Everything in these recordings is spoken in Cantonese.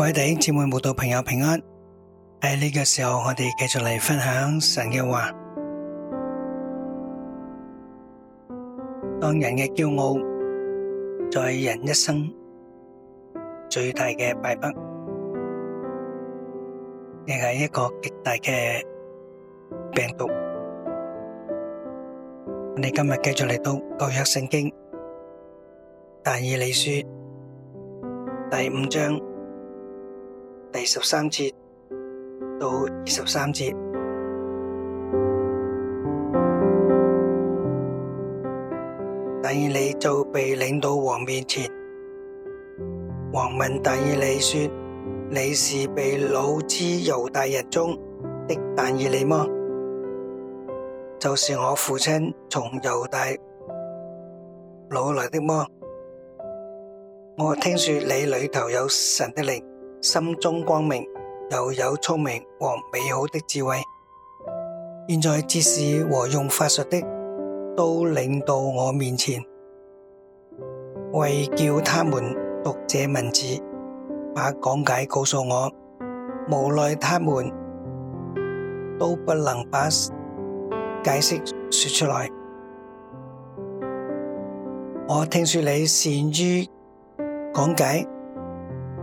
各位弟兄姊妹、慕道朋友平安！喺呢個時候，我哋繼續嚟分享神嘅話。當人嘅驕傲，在人一生最大嘅敗筆，亦係一個極大嘅病毒。我哋今日繼續嚟讀舊約聖經但以理書第五章。十三節到二十三節，但以理就被領到王面前，王問但以理說：你是被擄之猶大人中的但以理麼？就是我父親從猶大擄來的麼？我聽說你裏頭有神的靈。心中光明，又有聰明和美好的智慧。現在哲士和用法術的，都領到我面前，為叫他們讀這文字，把講解告訴我。無奈他們都不能把解釋說出來。我聽說你善於講解。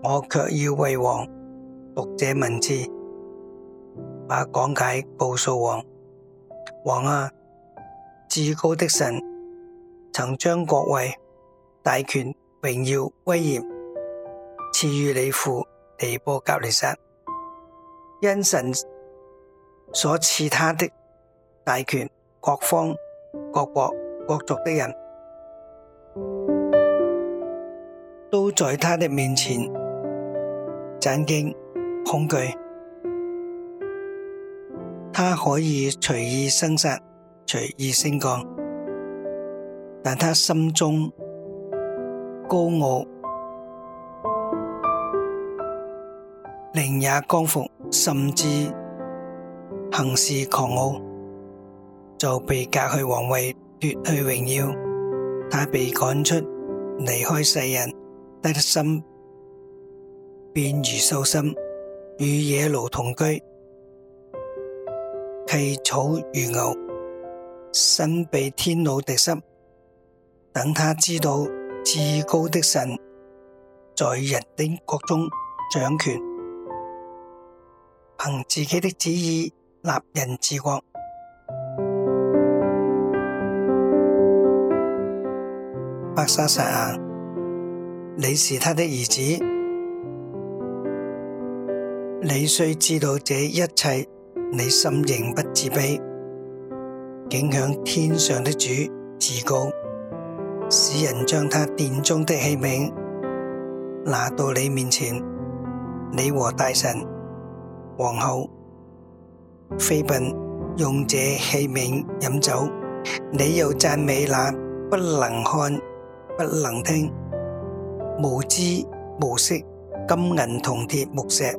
我卻要為王讀這文字，把講解告訴王。王啊，至高的神曾將國位、大權、榮耀、威嚴賜予你父尼布甲尼撒，因神所賜他的大權，各方各國各族的人都在他的面前。震驚、恐懼，他可以隨意生殺、隨意升降，但他心中高傲，靈也剛愎，甚至行事狂傲，就被革去王位、奪去榮耀，他被趕出、離開世人，低得心。便如獸心，與野驢同居，吃草如牛，身被天露滴濕。等他知道至高的神在人的國中掌權，憑自己的旨意立人治國。伯沙撒啊，你是他的兒子。你需知道這一切，你心仍不自卑，敬享天上的主，自告使人將他殿中的器皿拿到你面前，你和大臣、皇后妃嬪用這器皿飲酒，你又讚美那不能看、不能聽、無知無識、金銀銅鐵木石。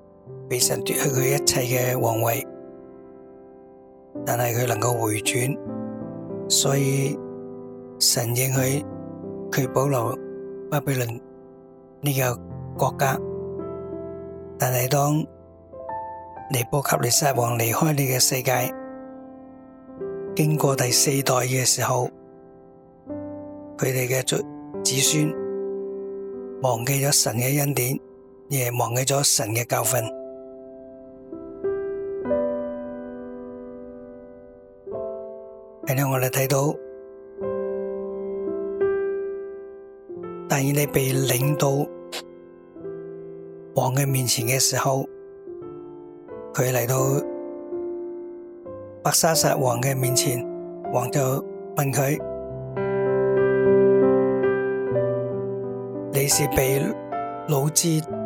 被神奪去佢一切嘅皇位，但係佢能夠回轉，所以神應許佢保留巴比倫呢個國家。但係當尼波及利撒王離開你嘅世界，經過第四代嘅時候，佢哋嘅子孫忘記咗神嘅恩典。亦忘記咗神嘅教訓，喺呢，我哋睇到，當你被領到王嘅面前嘅時候，佢嚟到伯沙撒王嘅面前，王就問佢：你是被擄之？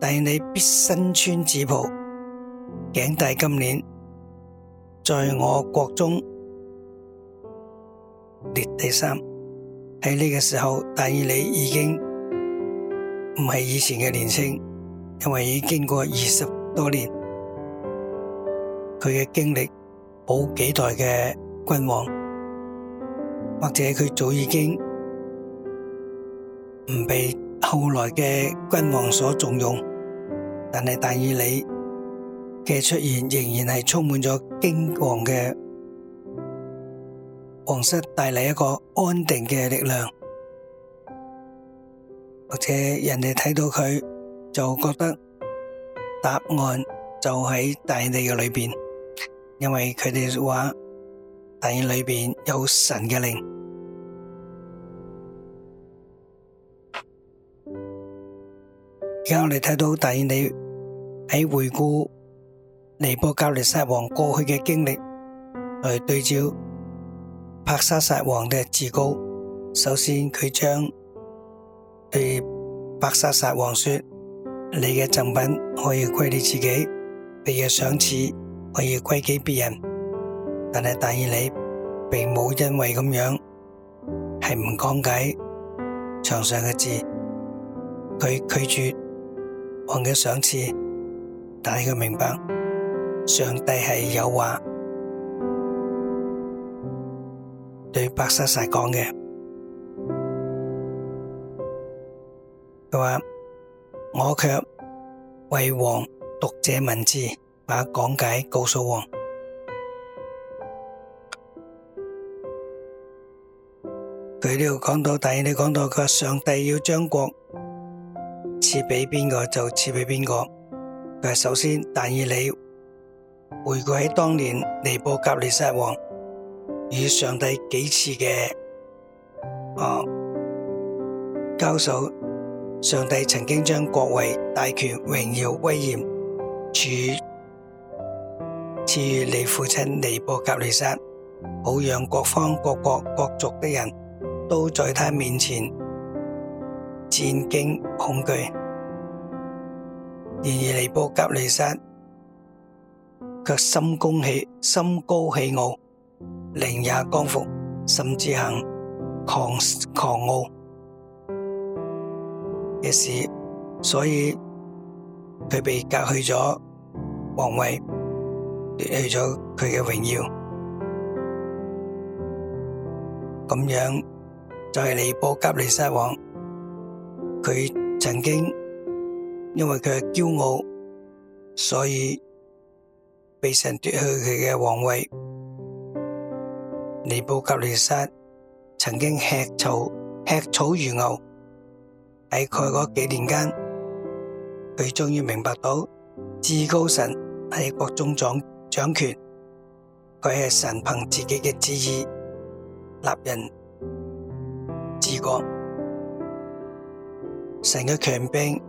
但以理必身穿紫袍，頸戴金鏈，在我國中列第三。喺呢個時候，但以理已經唔係以前嘅年輕，因為已經過二十多年，佢嘅經歷冇幾代嘅君王，或者佢早已經唔被。後來嘅君王所重用，但係但以理嘅出現仍然係充滿咗驚惶嘅，王室帶嚟一個安定嘅力量，或者人哋睇到佢就覺得答案就喺但以理嘅裏邊，因為佢哋話但以理裏邊有神嘅靈。而家我哋睇到但以理喺回顧尼布甲尼撒王過去嘅經歷，來對照伯沙撒王嘅自高。首先，佢將對伯沙撒王說：你嘅贈品可以歸你自己，你嘅賞賜可以歸給別人。但係但以理並冇因為咁樣係唔講解牆上嘅字，佢拒絕。王嘅賞賜，但係佢明白，上帝係有話對伯沙撒講嘅。佢話：我卻為王讀這文字，把講解告訴王。佢呢度講到底，你講到佢話上帝要將國。賜俾邊個就賜俾邊個。但首先，但以理回顧起當年尼布格利沙王與上帝幾次嘅誒交手，啊、上帝曾經將國位、大權榮耀威嚴、榮耀、威嚴賜賜予你父親尼布格利沙，好讓各方各國,各國各族的人都在他面前戰兢恐懼。然而，尼布甲尼撒卻心高氣傲，靈也剛愎，甚至行狂狂傲嘅事，所以佢被革去咗王位，奪去咗佢嘅榮耀。咁樣就係尼布甲尼撒王，佢曾經。因為佢係驕傲，所以被神奪去佢嘅皇位。尼布甲尼撒曾經吃草，吃草如牛。喺佢嗰幾年間，佢終於明白到至高神喺國中掌掌權，佢係神憑自己嘅旨意立人治國，神嘅強兵。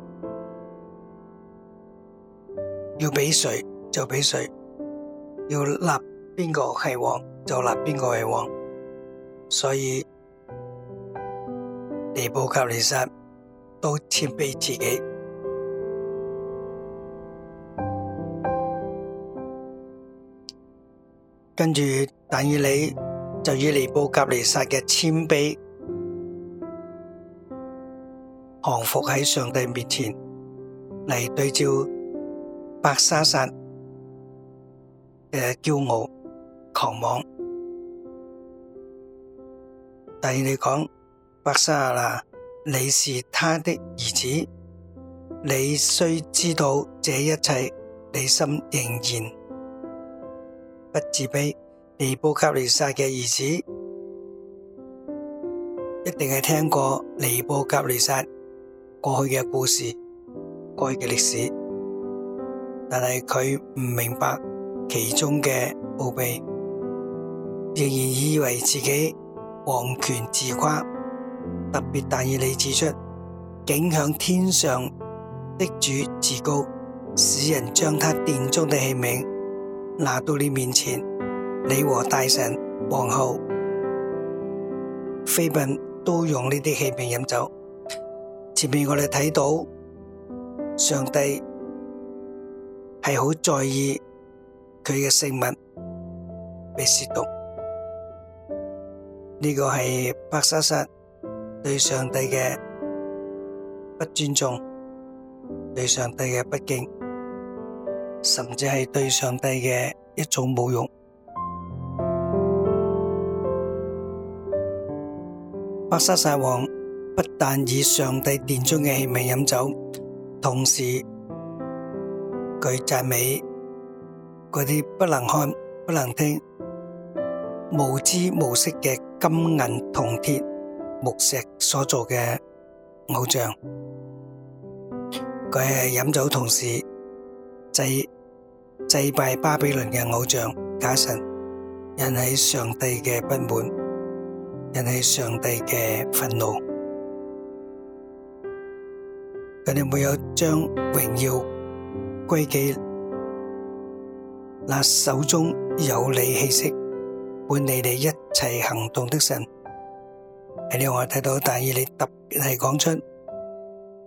要俾誰就俾誰，要立邊個係王就立邊個係王，所以尼布甲尼撒都謙卑自己，跟住但以理就以尼布甲尼撒嘅謙卑降服喺上帝面前嚟對照。白沙撒嘅驕傲、狂妄，但你講伯沙啦、啊，你是他的兒子，你雖知道這一切，你心仍然不自卑。尼布甲尼撒嘅兒子一定係聽過尼布甲尼撒過去嘅故事，過去嘅歷史。但係佢唔明白其中嘅奧秘，仍然以為自己王權自誇。特別但以理指出，竟向天上的主自高，使人將他殿中嘅器皿拿到你面前，你和大臣、皇后、妃嬪都用呢啲器皿飲酒。前面我哋睇到上帝。係好在意佢嘅聖名被褻瀆，呢個係伯沙撒對上帝嘅不尊重，對上帝嘅不敬，甚至係對上帝嘅一種侮辱。伯沙撒王不但以上帝殿中嘅器皿飲酒，同時，佢讚美嗰啲不能看、不能聽、無知無色嘅金銀銅鐵木石所做嘅偶像，佢係飲酒同時祭祭拜巴比倫嘅偶像假神，引起上帝嘅不滿，引起上帝嘅憤怒。佢哋沒有將榮耀。歸記，那手中有你氣息，伴你哋一齊行動的神。佢令我睇到但以理特別係講出，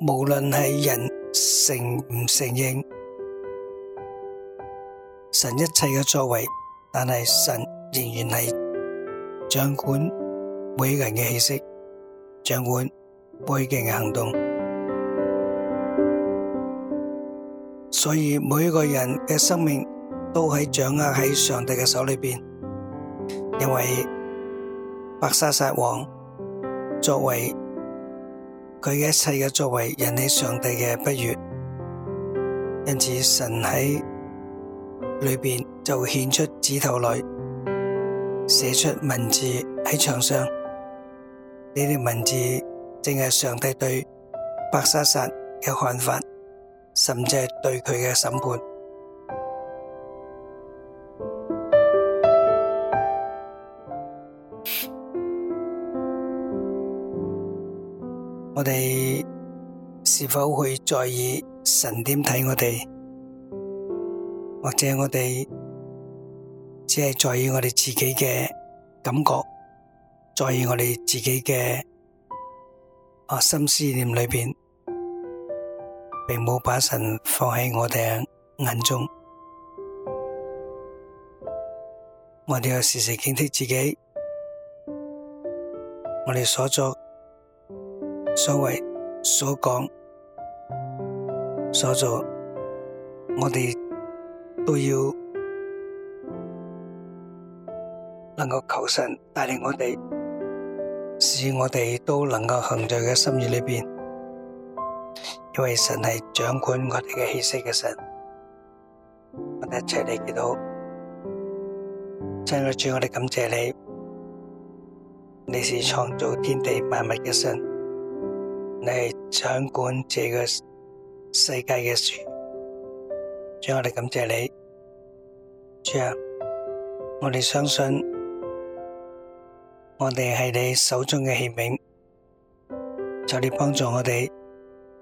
無論係人承唔承認，神一切嘅作為，但係神仍然係掌管每一個人嘅氣息，掌管每一個人嘅行動。所以每一個人嘅生命都喺掌握喺上帝嘅手裏面，因為白沙撒王作為佢嘅一切嘅作為引起上帝嘅不悅，因此神喺裏面就顯出指頭來，寫出文字喺牆上，呢啲文字正係上帝對白沙撒嘅看法。甚至係對佢嘅審判， 我哋是否會在意神點睇我哋？或者我哋只係在意我哋自己嘅感覺，在意我哋自己嘅核心思念裏邊？並冇把神放喺我哋眼中，我哋要時時警惕自己，我哋所作、所為、所講、所做，我哋都要能夠求神帶領我哋，使我哋都能夠行在嘅心意裏邊。因為神係掌管我哋嘅氣息嘅神，我哋一齊嚟祈禱。親愛嘅主，我哋感謝你。你是創造天地萬物嘅神，你係掌管這個世界嘅主，主我哋感謝你。主啊，我哋相信我哋係你手中嘅器皿，求你幫助我哋。